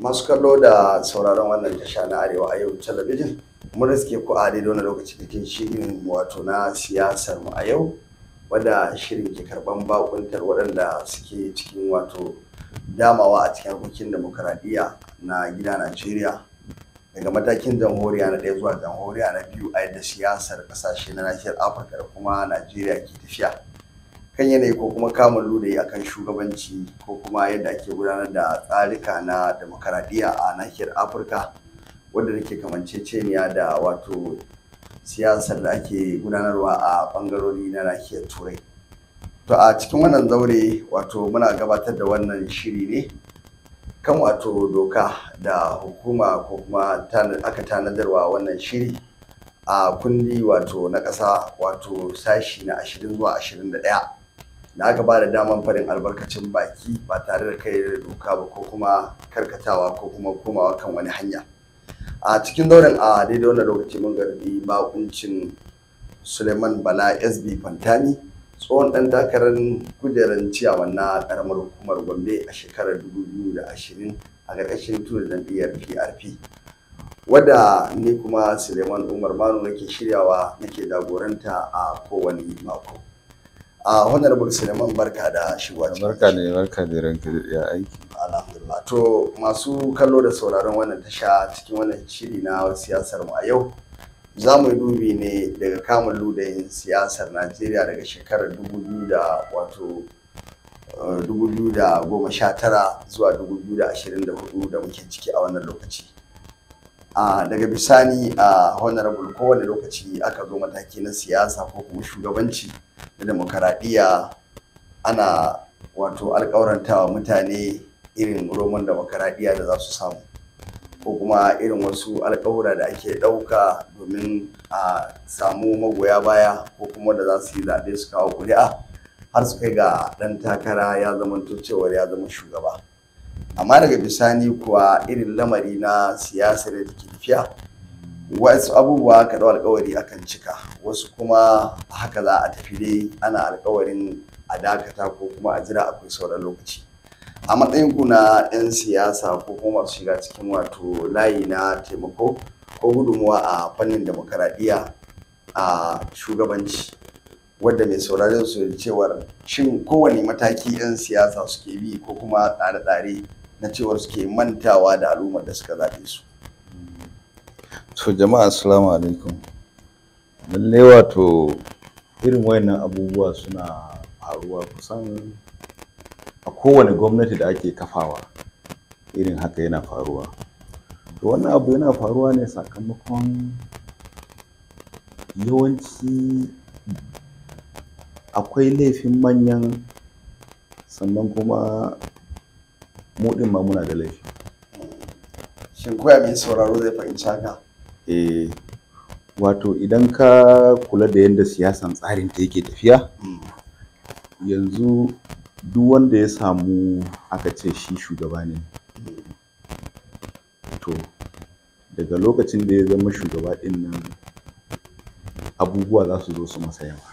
masu kallo da sauraron wannan tasha na arewa a yau talabijin mun riske ku a daidai wani lokaci cikin shirin wato na siyasar mu a yau wadda shirin ke karban bakuntar waɗanda suke cikin wato damawa a cikin harkokin demokaradiyya na gida najeriya daga matakin jamhuriya na ɗaya zuwa jamhuriya na biyu a yadda siyasar ƙasashe na nahiyar afirka da kuma najeriya ke tafiya kan yanayi ko kuma kamun yi akan shugabanci ko kuma yadda ake gudanar da tsarika na demokaradiyya a nahiyar afirka wadda nake kamance kamanceceniya da wato siyasar da ake gudanarwa a bangarori na nahiyar turai to a cikin wannan zaure wato muna gabatar da wannan shiri ne kan wato doka da hukuma ko kuma aka tanadarwa wannan shiri a kundi wato na ƙasa wato sashi na 20 zuwa 21 da aka ba da daman farin albarkacin baki ba tare da kai da doka ba ko kuma karkatawa ko kuma komawa kan wani hanya a cikin daurin a daidai wannan lokaci mun garbi bakuncin suleiman bala sb fantani tsohon dan takarar kujerar ciyawan na karamar hukumar gombe a shekarar 2020 a ƙarƙashin tunan jam'iyyar prp wadda ni kuma suleiman umar manu nake shiryawa nake jagoranta a kowane mako a honorable suleiman barka da shigowa cikin barka ne barka ne ranka ya aiki alhamdulillah to masu kallo da sauraron wannan tasha cikin wannan shiri na siyasar mu a yau za mu yi dubi ne daga kamun ludayin siyasar najeriya daga shekarar dubu biyu da wato 2019 eh, zuwa 2024 da muke ciki a wannan lokaci daga bisani a honorable kowane lokaci aka zo mataki na siyasa ko kuma shugabanci da demokaradiyya ana wato alkawarantawa mutane irin roman demokaradiyya da za su samu ko kuma irin wasu alkawura da ake ɗauka domin a samu magoya baya ko kuma da za su yi zaɓe su kawo ƙuri'a har su kai ga ɗan takara ya zama cewar ya zama shugaba. amma daga bisani kuwa irin lamari na siyasar da ke tafiya wasu abubuwa ka dau alkawari akan cika wasu kuma haka za a tafi dai ana alkawarin a dakata ko kuma a jira akwai sauran lokaci a matsayin ku na 'yan siyasa ko kuma masu shiga cikin wato layi na taimako ko gudunmuwa a fannin demokaradiyya a shugabanci wadda mai sauraron su cewar shin kowane mataki 'yan siyasa suke bi ko kuma tsare-tsare na cewar suke mantawa da al'ummar da suka zaɓe su to jama'a assalamu alaikum lallai wato irin wayannan abubuwa suna faruwa kusan a kowane gwamnati da ake kafawa irin haka yana faruwa to wannan abu yana faruwa ne sakamakon yawanci akwai laifin manyan sannan kuma mu din ma muna da laifi shin koya mai sauraro zai fahimci haka eh wato idan ka kula da yadda siyasan tsarin ta yake tafiya yanzu duk wanda ya samu aka ce shi shugaba ne to daga lokacin da ya zama shugaba din nan abubuwa za su zo su masa yawa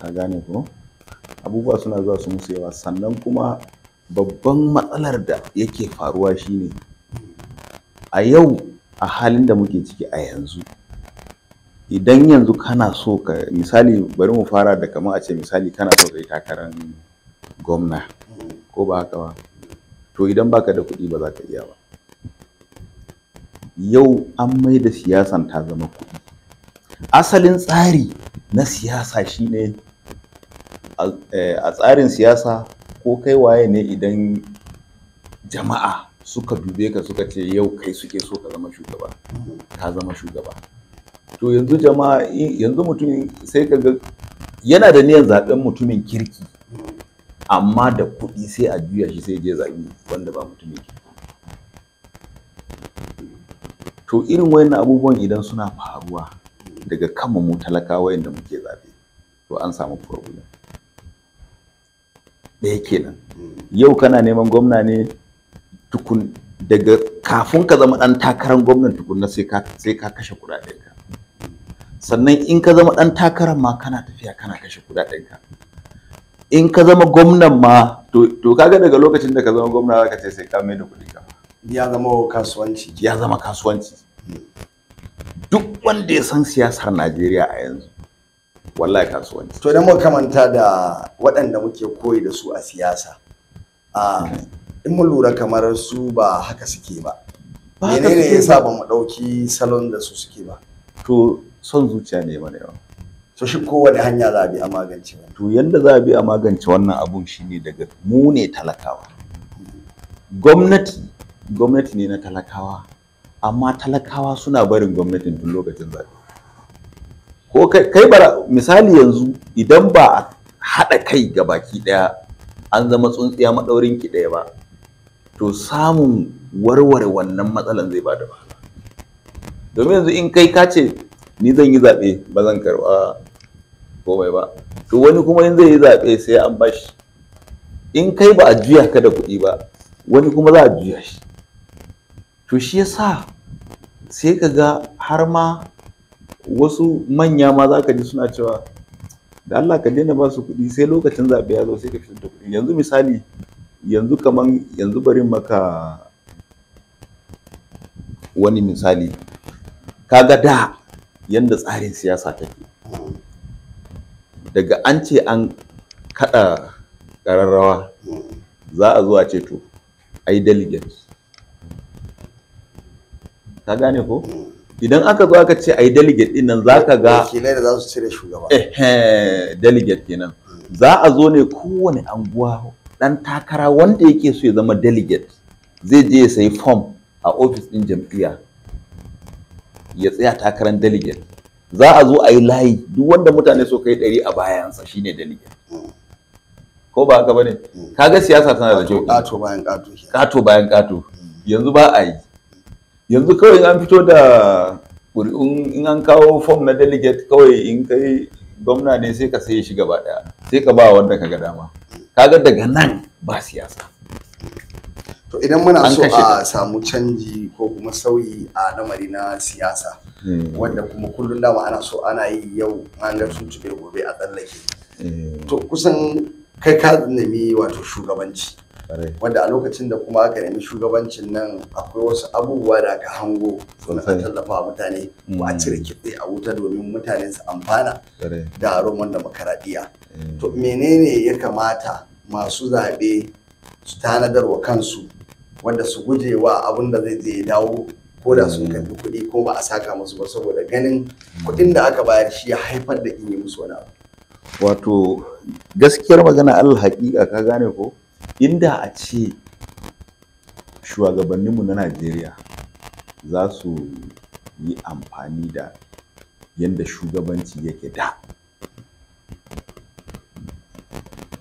ka gane ko abubuwa suna zuwa su musu yawa sannan kuma babban matsalar da yake faruwa shine a yau a halin da muke ciki a yanzu idan yanzu kana so ka misali bari mu fara da kama a ce misali kana so kai takarar gwamna ko ba haka ba to idan baka da kuɗi ba za ka iya ba yau an mai da siyasan ta zama kuɗi asalin tsari na siyasa shine a eh, tsarin siyasa ko kai waye ne idan jama'a suka dube ka suka ce yau kai suke so ka zama shugaba ka zama shugaba to yanzu jama'a yanzu mutum sai ka ga yana da niyan zaben mutumin kirki amma da kuɗi sai a juya shi sai je zaɓi wanda ba mutumin kirki to irin wayannan abubuwan idan suna faruwa daga kanmu mu talakawa yadda muke zabe to an samu problem ɗaya kenan yau kana neman gwamna ne tukun daga kafin ka zama ɗan takarar gwamnan tukunna sai ka sai ka kashe kuɗaɗen ka sannan in ka zama ɗan takarar ma kana tafiya kana kashe kuɗaɗen ka in ka zama gwamnan ma to to kaga daga lokacin da ka zama gwamna zaka ce sai ka mai da kuɗi ka ya zama kasuwanci ya zama kasuwanci duk wanda ya san siyasar Najeriya a yanzu wallahi kasuwanci to idan muka kamanta da waɗanda muke koyi da su a siyasa in mun lura kamar su ba haka suke ba menene yasa ba mu ɗauki salon da su suke ba to son zuciya ne ne ba to shi kowane hanya za a bi a magance wannan to yanda za a bi a magance wannan abun shine daga mu ne talakawa gwamnati gwamnati ne na talakawa amma talakawa suna barin gwamnatin tun lokacin zaɓe ko kai bara misali yanzu idan ba a haɗa kai ga baki ɗaya an zama tsuntsiya maɗaurin ki ɗaya ba to samun warware wannan matsalan zai bada wahala domin yanzu in kai ka ce ni zan yi zaɓe ba zan karɓa komai ba to wani kuma in zai yi zaɓe sai an bashi in kai ba a juya ka da kuɗi ba wani kuma za a juya shi to shi yasa sai ka ga har ma wasu manya ma za ka ji suna cewa da Allah ka daina ba su kuɗi sai lokacin zaɓe ya zo sai ka fitar da kuɗi yanzu misali yanzu kaman yanzu bari maka wani misali kaga da yanda tsarin siyasa take daga an ce an kaɗa ƙararrawa za a zo a ce to ai delegates ka gane ko idan aka zo aka ce a yi delegate din nan za ka ga wakilai da za su cire shugaba eh delegate kenan hmm. za a zo ne kowane anguwa ɗan takara wanda yake so ya zama delegate zai je ya sayi form a ofis ɗin jam'iyya ya tsaya takarar delegate za a zo a yi layi duk wanda mutane so kai ɗari a bayansa shine delegate hmm. ko ba haka bane hmm. kaga siyasa tana da kyau kato bayan kato kato bayan kato yanzu ba a yi yanzu kawai an fito da ƙuri'un in an kawo fom na delegate kawai in kai gwamna ne sai ka sai shi gaba ɗaya sai ka ba wanda ka ga dama kaga daga nan ba siyasa to idan muna so a samu canji ko kuma sauyi a lamari na siyasa eh. wanda kuma kullum dama ana so ana yi yau an ga sun gobe a tsallake eh. to kusan kai ka nemi wato shugabanci wanda a lokacin da kuma aka nemi shugabancin nan akwai wasu abubuwa da aka hango suna tallafa mutane ba a cire mm. kitse a wuta domin mutane su amfana da haron wanda makaradiya eh. to menene ya kamata masu zaɓe su tanadar wa kansu wanda su guje wa abin da zai zai dawo ko da sun mm. karbi kuɗi ko ba a saka musu ba saboda ganin kuɗin da aka bayar shi ya haifar da in yi musu wani abu wato gaskiyar magana alhaƙiƙa ka gane ko inda a ce shugabanninmu na Najeriya za su yi amfani da yadda shugabanci yake da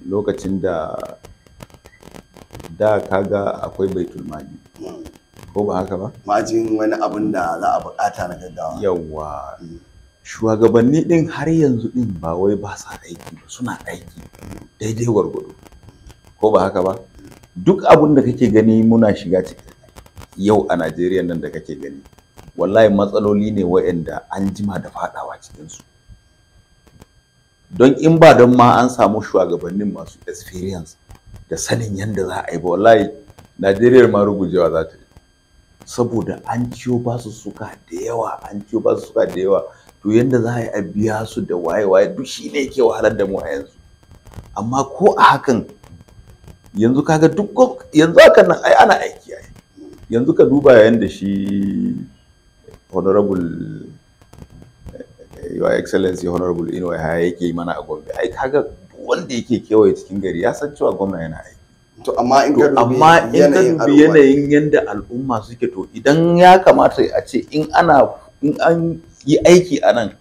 lokacin da da kaga akwai baitul ko ba haka ba majin wani abin da za a bukata na gaggawa yawa mm. shugabanni din har yanzu din ba wai ba sa aiki ba suna aiki daidai gwargwado ko ba haka ba duk abin da kake gani muna shiga ciki yau a Najeriya nan da kake gani wallahi matsaloli ne wa'anda an jima da fadawa cikinsu don in ba don ma an samu shugabannin masu experience da sanin yadda za a yi ba wallahi Najeriya ma rugujewa za ta yi saboda an ciyo su suka da yawa an ciyo su suka da yawa to yadda za a yi a biya su da waye-waye duk shi ne yake wahalar da mu a yanzu amma ko a hakan yanzu kaga duk yanzu hakan nan ai ana aiki ai yanzu ka duba yayin da shi honorable your excellency honorable inuwa ya yake yi mana a gombe ai kaga wanda yake kewaye cikin gari ya san cewa gwamna yana aiki to amma in ka dubi yanayin yanda al'umma suke to idan ya kamata a ce in ana in an yi aiki a nan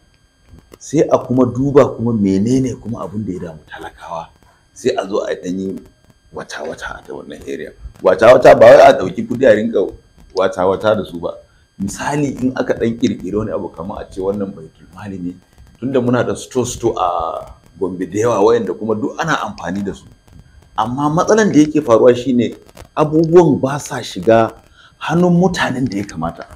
sai a kuma duba kuma menene kuma abin da ya damu talakawa sai a zo a yi. wata-wata wannan area wata-wata ba wai a ɗauki kuɗi a rinka wata-wata da su ba misali in aka ɗan ƙirƙiri wani abu kamar a ce wannan baitul mali ne tunda muna da sto sto a gombe da yawa wayanda kuma duk ana amfani da su amma matsalan da yake faruwa shine abubuwan ba sa shiga hannun mutanen da ya kamata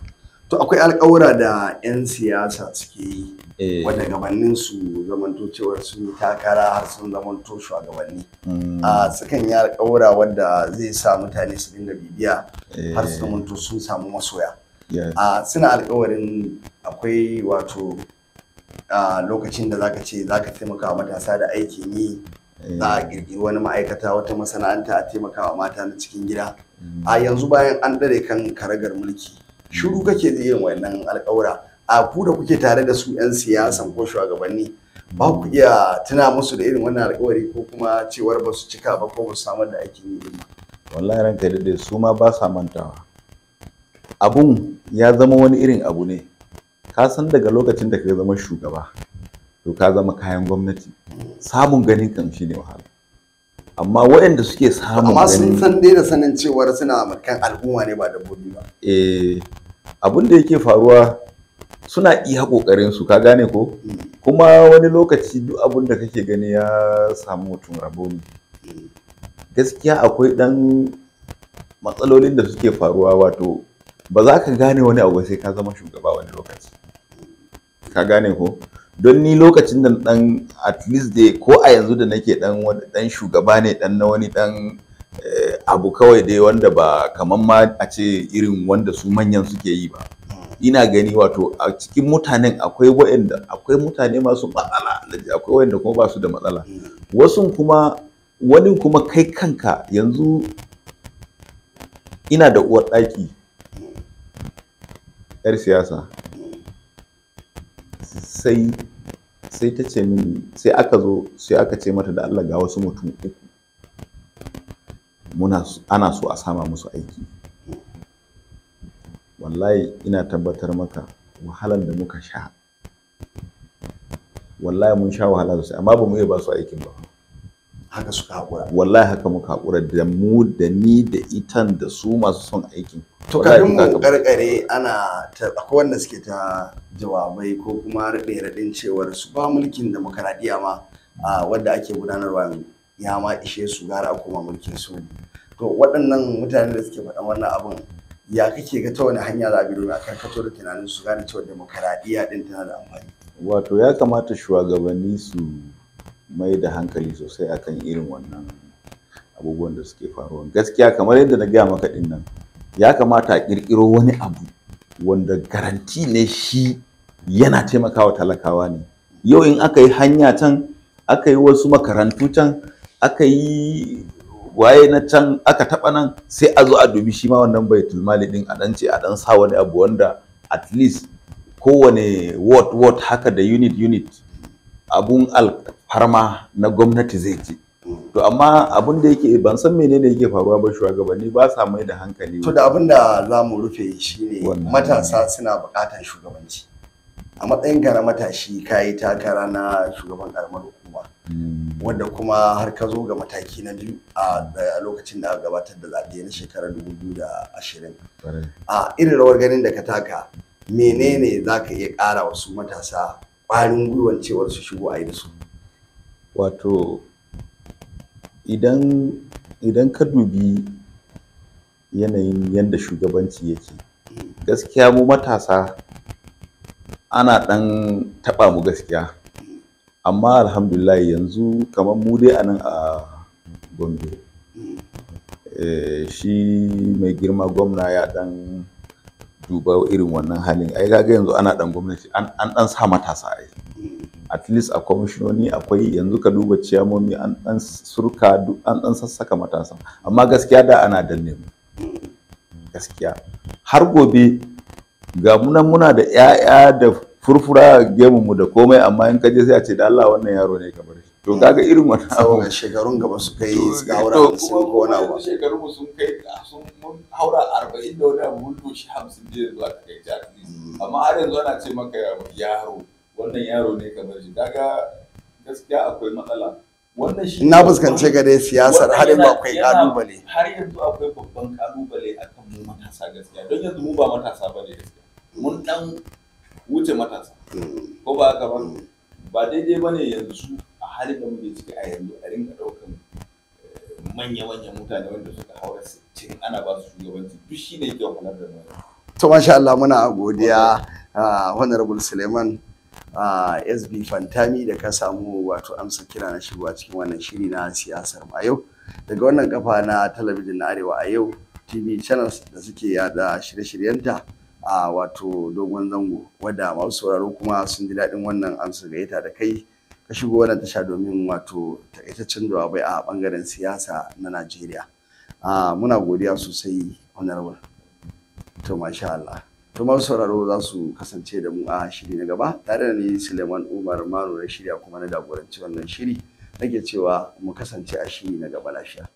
to akwai alƙawura da 'yan siyasa suke yi Eh. wanda gabanin su zamanto cewar su takara har sun zamanto shugabanni hmm. a sukan yi alƙawura wanda zai sa mutane su dinga bibiya eh. har su zamanto sun samu masoya a suna alƙawarin akwai wato lokacin da zaka ce zaka taimaka wa matasa da aikin yi eh. za a girgiri wani ma'aikata wata masana'anta a taimaka wa mata na cikin gida hmm. a yanzu bayan an dare kan karagar mulki shiru kake da yin wannan alƙawura a ku da kuke tare da su 'yan siyasan ko shugabanni ba ku iya tuna musu da irin wannan alkawari ko kuma cewar ba su cika ba ko ba su samar da aikin yi ba. wallahi ka da su ma ba sa mantawa abun ya zama wani irin abu ne ka san daga lokacin da ka zama shugaba to ka zama kayan gwamnati samun ganin kan shi ne wahala amma waɗanda suke samun amma sun san dai da sanin cewar suna kan al'umma ne ba dabbobi ba eh abin da yake faruwa suna iya kokarin su ka gane ko kuma wani lokaci duk abin da kake gani ya samu mutum rabo ne gaskiya akwai dan matsalolin da suke faruwa wato ba za ka gane wani abu sai ka zama shugaba wani lokaci ka gane ko don ni lokacin da dan at least dai ko a yanzu da nake dan dan shugaba ne dan na wani dan eh, abu kawai dai wanda ba kaman ma a ce irin wanda su manyan suke yi ba ina gani wato a cikin mutanen akwai waɗanda akwai mutane masu matsala akwai waɗanda kuma ba su da matsala mm. wasu kuma wani kuma kai kanka yanzu ina da uwar ɗaki yar siyasa sai sai ta ce min sai aka zo sai aka ce mata da Allah ga wasu mutum uku muna ana so a sama musu aiki wallahi ina tabbatar maka wahalan da muka sha wallahi mun sha wahala sosai amma ba mu iya ba su aikin ba haka suka haƙura wallahi haka muka haƙura da mu da ni da itan da su masu son aikin to kafin mu karkare ana ta akwai wanda suke ta jawabai ko kuma raɗe raɗin cewar su ba mulkin demokradiya ma wanda ake gudanarwa ya ma ishe su gara kuma mulkin su to waɗannan mutane da suke faɗan wannan abin ya kake ga ta wani hanya za a bi domin a karkato da tunanin su gane cewa demokaradiyya din tana da amfani wato ya kamata shugabanni su mai da hankali sosai akan irin wannan abubuwan da suke faruwa gaskiya kamar yadda na gaya maka din nan ya kamata a kirkiro wani abu wanda garanti ne shi yana taimakawa talakawa ne yau in aka yi hanya can aka yi wasu makarantu can aka yi waye na can aka taɓa nan sai a zo a dubi shi ma wannan baitul mali din a dan ce a dan sa wani abu wanda at least kowane word word haka da unit unit abun alfarma na gwamnati zai ci to amma abun da yake ban san menene yake faruwa ba shugabanni ba sa mai da hankali to da abun da za mu rufe shine matasa suna buƙatar shugabanci a matsayin gara matashi kayi takara na shugaban karamar wadda kuma har ka zo ga mataki na biyu a lokacin da gabatar da zaɓe na shekarar 2020 a irin rawar ganin da ka taka menene za ka iya ƙara wasu matasa ƙwarin gwiwan cewar su shigo a yi su wato idan ka dubi yanayin yadda shugabanci yake hmm. gaskiya mu matasa ana ɗan taɓa mu gaskiya amma alhamdulillah yanzu kamar mu dai anan a gombe eh, shi mai girma gwamna ya dan duba irin wannan halin ai kaga yanzu ana dan gwamnati an dan sa matasa ai at least a kwamishinoni akwai yanzu ka duba ciyamomi an dan surka duk an dan sassaka matasa amma gaskiya da ana dan mu gaskiya har gobe ga munan muna da 'ya'ya da furfura gemu mu da komai amma in kaje sai a ce da Allah wannan yaro ne kamar shi to kaga irin wannan abu shekarun gaba su kai su ga aura sun ko wani abu shekarun mu sun kai sun mun haura 40 da wani abu mun doshi 50 da zuwa ta kai ta mm. amma har yanzu ana ce maka yaro wannan yaro ne kamar shi kaga gaskiya akwai matsala wannan shi na fuskance ga dai siyasar har yanzu akwai kalubale har yanzu akwai babban kalubale akan mu matasa gaskiya don yanzu mu ba matasa bane gaskiya mun dan wuce matasa ko ba haka ba ba daidai ba ne yanzu a halin da muke ciki a yanzu a rinka ɗaukan eh, manya-manyan mutane wanda suka haura sittin ana ba su shugabanci duk shi ne yake wahalar da nan. to masha Allah muna godiya ah, honorable Suleiman Uh, ah, SB Fantami da ka samu wato amsa kira na shigowa cikin wannan shiri na siyasar a yau daga wannan kafa na talabijin na Arewa a yau TV channels da suke yada shirye-shiryenta a wato dogon zango wadda masu sauraro kuma sun ji daɗin wannan amsa gayyata da kai ka shigo wannan tasha domin wato takaitaccen jawabai a bangaren siyasa na Najeriya. muna godiya sosai honorable. To masha Allah. To masu sauraro za su kasance da mu a shiri na gaba tare da ni Suleiman Umar Manu na shirya kuma na jagoranci wannan shiri. Nake cewa mu kasance a shiri na gaba lafiya.